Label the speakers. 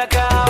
Speaker 1: la cama.